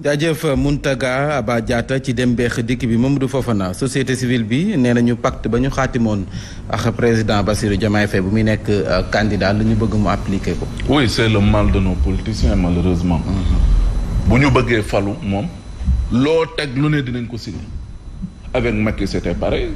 jaajëf Mountaga Aba Diatta ci dem beex dikk bi Mamadou Fofana société civile bi nee nañu pacte ba ñu xaatimoon ak président Bassirou Diomaye Faye bu muy nekk euh, candidat la ñu bëgg mu appliquer ko. oui c'est le mal de nos politiciens malheureusement. Mm-hmm. bu ñu bëggee falu moom. loo teg lu ne dinañ ko signé. avec Macky c'était pareil.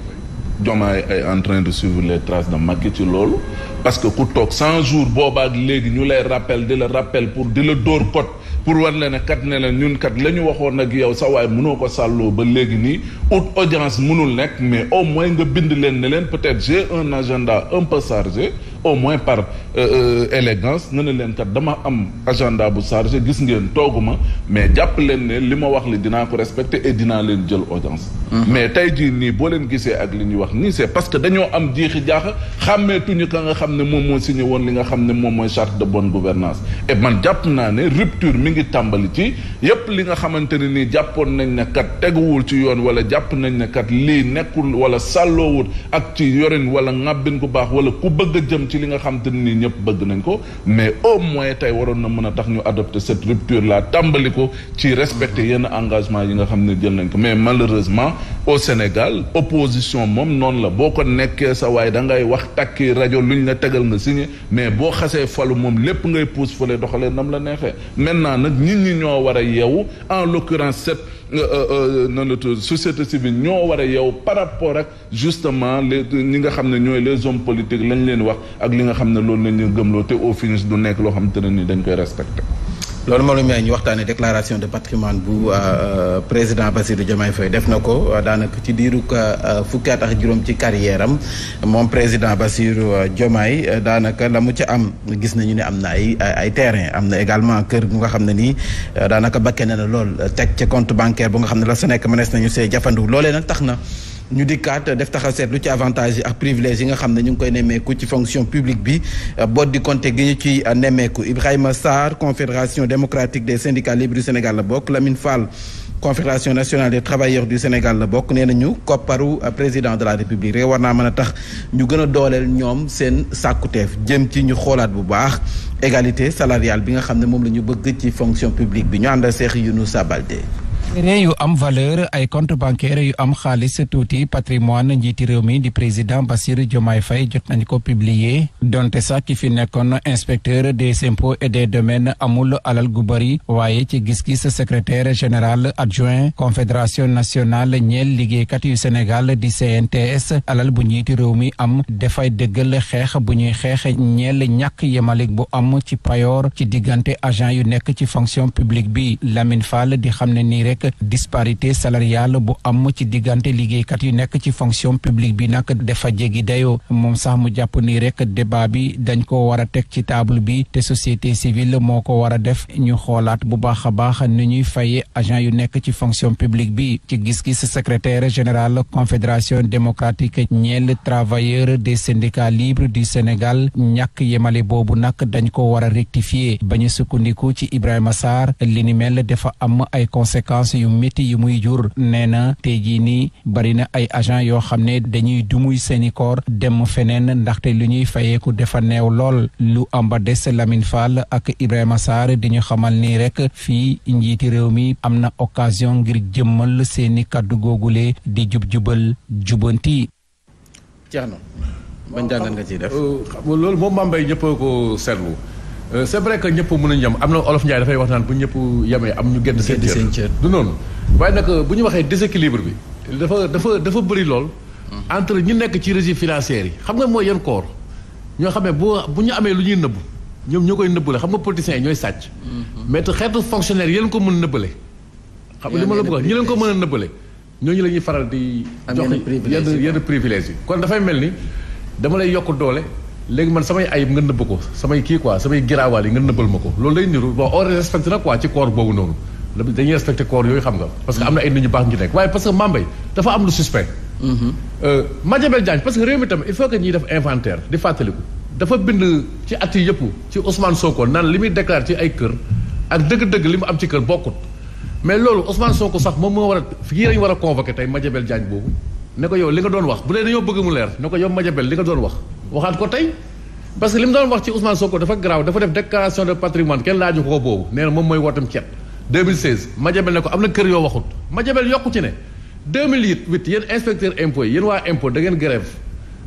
Diomaye ay en de suivre les traces de Macky ci loolu. parce que ku toog 100 jours boobaa léegi ñu lay rappel di la rappel pour di la dóor code. pour war leen kat ne la ñun kat la ñu waxoon nag yow sax waaye mënoo ko sàlloo ba léegi nii out audience mënul nekk mais au moins nga bind leen ne leen peut-être j'ai un agenda un peu chargé au moins par euh, euh, élégance ne na leen kat dama am agenda bu chargé gis ngeen tooguma mais jàpp leen ne li ma wax li dinaa ko respecté et dinaa leen jël audience mm-hmm. mais tey jii nii boo leen gisee ak li ñuy wax nii c'est parce que dañoo am jiixi jaaxa xàmmeetuñu ka nga xam ne moom moo signé woon li nga xam ne moom mooy charte de bonne gouvernance et man jàpp naa ne rupture mi ngi tàmbali ci yépp li nga xamante ne nii jàppoon nañ ne kat teguwul ci yoon wala jàpp nañ ne kat lii nekkul wala sàlloowul ak ci yorin wala ŋàbbin ku baax wala ku bëgg jëm ci li nga xam te nii ñëpp bëgg nañ ko mais au moins tey waroon na mën a tax ñu adopter cette rupture là tàmbali ko ci respecter yenn engagement yi nga xam ne jël nañ ko mais malheureusement au Sénégal opposition moom noonu la boo ko nekkee sa waaye da ngay wax takki rajo lu ñu la tegal nga signé mais boo xasee falu moom lépp ngay pousse fële doxalee nam la neexee maintenant nag nit ñi ñoo war a yeewu en l'occurrence cette nan la tudd société civile ñoo war a yeewu par rapport ak justement les ñi nga xam ne ñooy les hommes politiques lañ leen wax ak li nga xam ne loolu lañ leen gëmloo te au du nekk loo xam te ne ni dañ koy respecté. loolu moo lu ñu waxtaanee déclaration de patrimoine bu euh, président Bassirou Diomaye Faye def na ko euh, daanaka ci diiru euh, fukki at ak juróom ci carrière am moom président Bassirou Diomaye daanaka la mu ci am gis nañu ne am na ay ay terrain am na également kër bu nga xam ne nii daanaka bakkee na lool teg ca compte bancaire bu nga xam ne la sa nekk mënees nañu see jafandu loolee nag tax na. ñu dikkaat def taxaw seetlu ci avantage yi ak privilège yi nga xam ne ñu ngi koy nemmeeku ci fonction publique bi euh, boot di gi ñu ci euh, nemmeeku Ibrahima Sarr confédération démocratique de syndicats libres du Sénégal la bokk Lamine Fall confédération nationale des travailleurs du Sénégal la bokk nee nañu kopparu euh, président de la république rek war naa mën a tax ñu gën a dooleel ñoom seen sàkkuteef jëm ci ñu xoolaat bu baax égalité salariale bi nga xam ne moom la ñu bëgg ci fonction publique bi ñu àndal Cheikh Younoussa Baldé re yu am valeur ay contre bancaire yu am xaalis tuuti patrimoine njiiti réew mi di président Bassirou Diomaye fay jot nañu ko publier donte sax ki fi nekkoon inspecteur des impôts et des domaines amul alal gu bëri waaye ci gis-gis secretaire général adjoint confédération national ñeel liggéeykat yu Sénégal di CNTS alal bu njiiti réew mi am defay dëggal xeex bu ñuy xeex ñeel ñàkk yemalik bu am ci payoor ci diggante agent yu nekk ci fonction publique bi Lamine Fall di xam ne nii rek rek disparité salariale bu am ci diggante liggéeykat yu nekk ci fonction publique bi nag dafa jéggi dayoo moom sax mu jàpp nii rek débat bi dañ ko war a teg ci table bi te société civile moo ko war a def ñu xoolaat bu baax a baax ni ñuy fay agent yu nekk ci fonction publique bi ci gis-gis secrétaire général confédération démocratique ñeel travailleurs de syndicats libres du Sénégal ñàkk yemale boobu nag dañ ko war a rectifier bañ a ci Ibrahima Sarr conséquences yu métti yu muy jur nee na tey jii nii bari na ay agent yoo xam ne dañuy dumuy seeni i koor dem feneen ndaxte lu ñuy fayeeku dafa neew lool lu amba des Lamine ak Ibrahima Sarr di ñu xamal nii rek fii njiiti réew mi am na occasion ngir jëmmal seeni kàddu googule di jub-jubal jubanti jeex na bañ nga ciy def euh, loolu Euh, c' est vrai que ñëpp mënuñ yem am na olof Ndiaye dafay wax naan bu ñëpp yemee am ñu génn seen cër du noonu waaye nag euh, bu ñu waxee déséquilibre bi dafa dafa dafa bëri lool entre ñi nekk ci régie financière yi xam nga mooy yan koor ñoo xam ne boo bu ñu amee lu ñuy nëbb ñoom ñoo koy nëbbale xam nga politiciens yi ñooy sàcc mm-hmm. mais xeetu fonctionnaire yéen ko mën nëbbale xam nga li ma la bëgg ñi leen ko mën a nëbbale ñooñu la ñuy faral di jox yenn yenn privilège yi kon dafay mel ni dama lay yokk doole léegi man samay ayib nga nëbb ko samay kii quoi samay giraawaal yi nga nëbbal ma ko loolu lay niru bon on respecte na quoi ci koor boobu noonu dañuy respecté koor yooyu xam nga parce am na ay nit ñu baax ngi nekk waaye parce que dafa am lu suspect mm-hmm. euh, Madiambel Diagne parce que réew mi tam il faut que def inventaire di fàttaliku dafa bind ci at yëpp ci Ousmane Sonko naan li muy déclaré ay kër ak dëgg li mu am ci kër bokkut mais loolu Ousmane Sonko sax moo war a fii lañ war a convoqué tey Madiambel Diagne boobu ne ko yow li nga doon wax bu dee dañoo bëgg mu leer ne ko yow Madiambel li nga doon wax waxaat ko tey parce que li mu doon wax ci Ousmane Sonko dafa garaaw dafa def déclaration de patrimoine kenn laaju ko boobu nee na moom mooy wootam ceeb 2016 Madiambal ne ko am na kër yoo waxut Madiambal yokku ci ne 2008 yéen inspecteur impôt yéen waa impôt da ngeen grève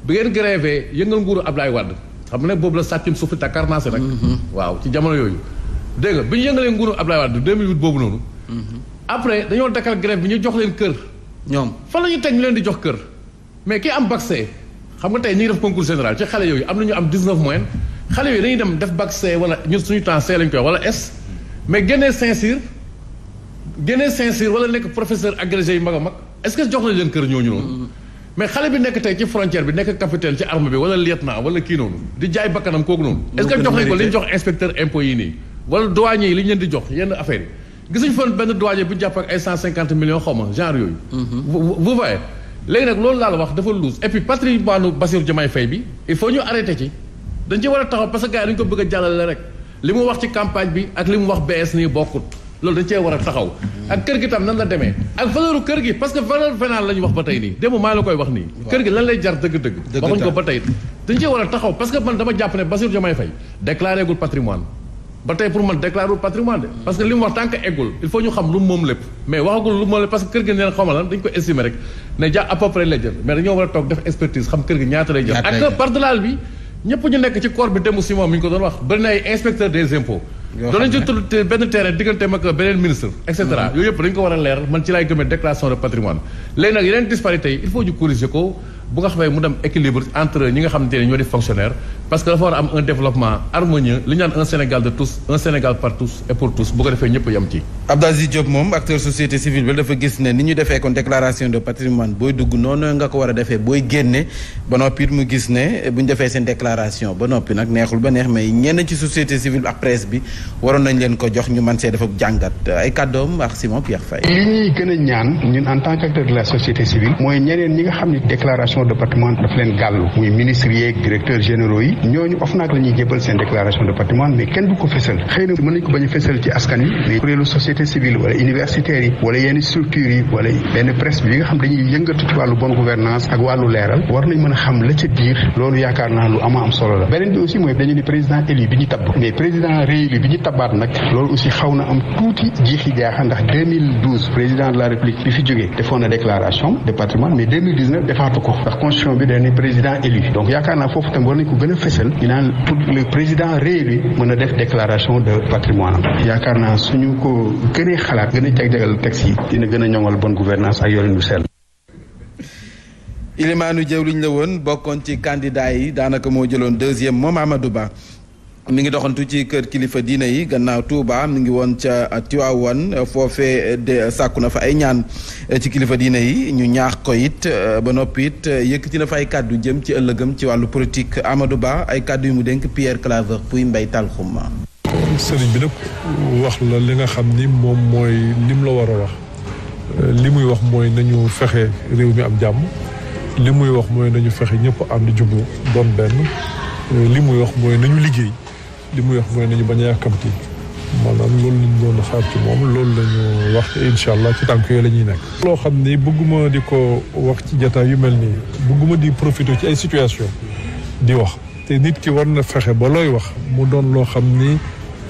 bi ngeen grève yëngal nguuru Ablaye Wade xam nga ne boobu la sàccum suuf takkar nag waaw ci jamono yooyu dégg nga bi ñu yëngalee nguuru Ablaye Wade 2008 boobu noonu après dañoo dakkal grève bi ñu jox leen kër ñoom fan la ñu teg leen di jox kër mais kii am bac xam nga tey ñu ngi def concours général ci xale yooyu am nañu am 19 moyenne xale yooyu dañuy dem def bac C wala ñun suñu temps C lañ koy wala S mais génnee Saint-Cyr génnee Saint-Cyr wala nekk professeur agrégé yu mag a mag est-ce que jox nañ leen kër ñooñu noonu. mais xale bi nekk tey ci frontière bi nekk capitaine ci arme bi wala lieutenant wala kii noonu di jaay bakkanam kooku noonu. est-ce que jox nañ ko li jox inspecteur impôt yi nii. wala douanier yi li ñu leen di jox affaire yi gisuñu benn douanier bu ñu jàpp ak ay 150 xaw ma genre yooyu. Mm-hmm. vous léegi nag loolu laa la wax dafa luus et puis patrimoine Bassirou Diomaye Faye bi il ñu arrêté ci dañ ci war a taxaw parce que gars yi dañu ko bëgg a jàllale rek li mu wax ci campagne bi ak li mu wax bees nii bokkut loolu dañ cee war a taxaw ak kër gi tam nan la demee ak valeur kër gi parce que valeur vénale la ñu wax ba tey nii démb maa la koy wax nii kër gi lan lay jar dëgg-dëgg waxuñ ko ba tey dañ cee war a taxaw parce que man dama jàpp ne Bassirou Diomaye Faye déclaré gul patrimoine ba tey pour man déclarer wu patrimoine de parce que li mu wax tant que eggul il faut ñu xam lu moom lépp mais waxagul lu moom lépp parce que kër gi neen xaw dañu ko estimer rek ne ja à peu mais dañoo war a toog def expertise xam kër gi ñaata lay ak par delà bi ñëpp ñu nekk ci corps bi démb Simon mi ñu ko doon wax bari na inspecteur des impôts doon ci tudd benn terrain digganteem ak beneen ministre et mm-hmm. yooyu yëpp dañ ko war a leer man ci laay entre ñi nga xamante ne parce que dafa war am un développement harmonieux li ñu naan un Sénégal de tous un Sénégal par tous et pour tous bu ko defee ñëpp yam ci. Abdou Aziz Diop moom acteur société civile bi dafa gis ne ni ñu defee kon déclaration de patrimoine booy dugg noonu nga ko war a defee booy génne ba noppi mu gis ne bu ñu defee seen déclaration ba noppi nag neexul ba neex may ñenn ci société civile ak presse bi waroon nañ leen ko jox ñu man see dafa jàngat ay kàddoom ak ñaan ñun en tant qu'acteur de la ñi nga xam ne déclaration de patrimoine daf leen gàllu muy yi ñooñu OFNAC la ñuy seen déclaration de mais kenn du ko fësal xëy na mën nañ ko bañ a fësal ci askan wi mais kuréelu société civile wala universitaires yi wala yenn structures yi wala benn gouvernance ak wàllu leeral war nañ mën a xam la ca biir loolu yaakaar naa lu ama am solo la beneen bi aussi mooy dañu ne président élu bi ñu tabb mais président réélu bi ñu tabaat nag loolu aussi xaw na am tuuti jiixi jaaxa ndax président de na déclaration fashion ñu naan pour président réélu mën a def déclaration de patrimoine yaakaar naa suñu ko gënee xalaat gën a jag-jagal dina gën a ñoŋal bonne gouvernance ak yorin lu sell Ilimaanu Jawriñ la woon bokkoon ci candidat yi daanaka moo jëloon deuxième moom Amadou Ba mi ngi doxantu ci kër kilifa diina yi gannaaw Touba mu ngi woon ca Tiwaawan foofee sàkku na fa ay ñaan ci kilifa diina yi ñu ñaax ko it ba noppi it yëkkati na fa ay kàddu jëm ci ëllëgam ci wàllu politique amadu Ba ay kàddu yu mu dénk Pierre Claver Pouy Mbaye Talxuma. sëriñ bi nag wax la li nga xam ni moom mooy lim la war a wax li muy wax mooy nañu fexe réew mi am jàmm li muy wax mooy nañu fexe ñëpp ànd jublu doon benn li muy wax mooy nañu liggéey. li muy wax mooy nañu bañ a yàkkamti maanaam loolu lañ doon xaar ci moom loolu lañu wax incha allah ci tànk yooyu la ñuy nekk. loo xam ni bëgguma di ko wax ci jataay yu mel nii bëgguma di profité ci ay situation di wax te nit ki war na fexe ba looy wax mu doon loo xam ni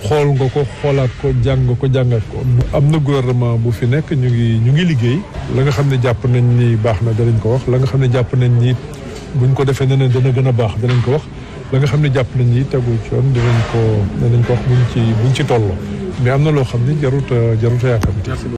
xool nga ko xoolaat ko jàng ko jàngat ko. am na gouvernement bu fi nekk ñu ngi ñu ngi liggéey. la nga xam ne jàpp nañ ni baax na danañ ko wax la nga xam ne jàpp nañ ni buñ ko defee nee na dana gën a baax danañ ko wax. la nga xam ne jàpp nañ ni tegu ci yoon dinañ ko dinañ ko wax buñ ci buñ ci tolloo mais am na loo xam ni jarut a jarut a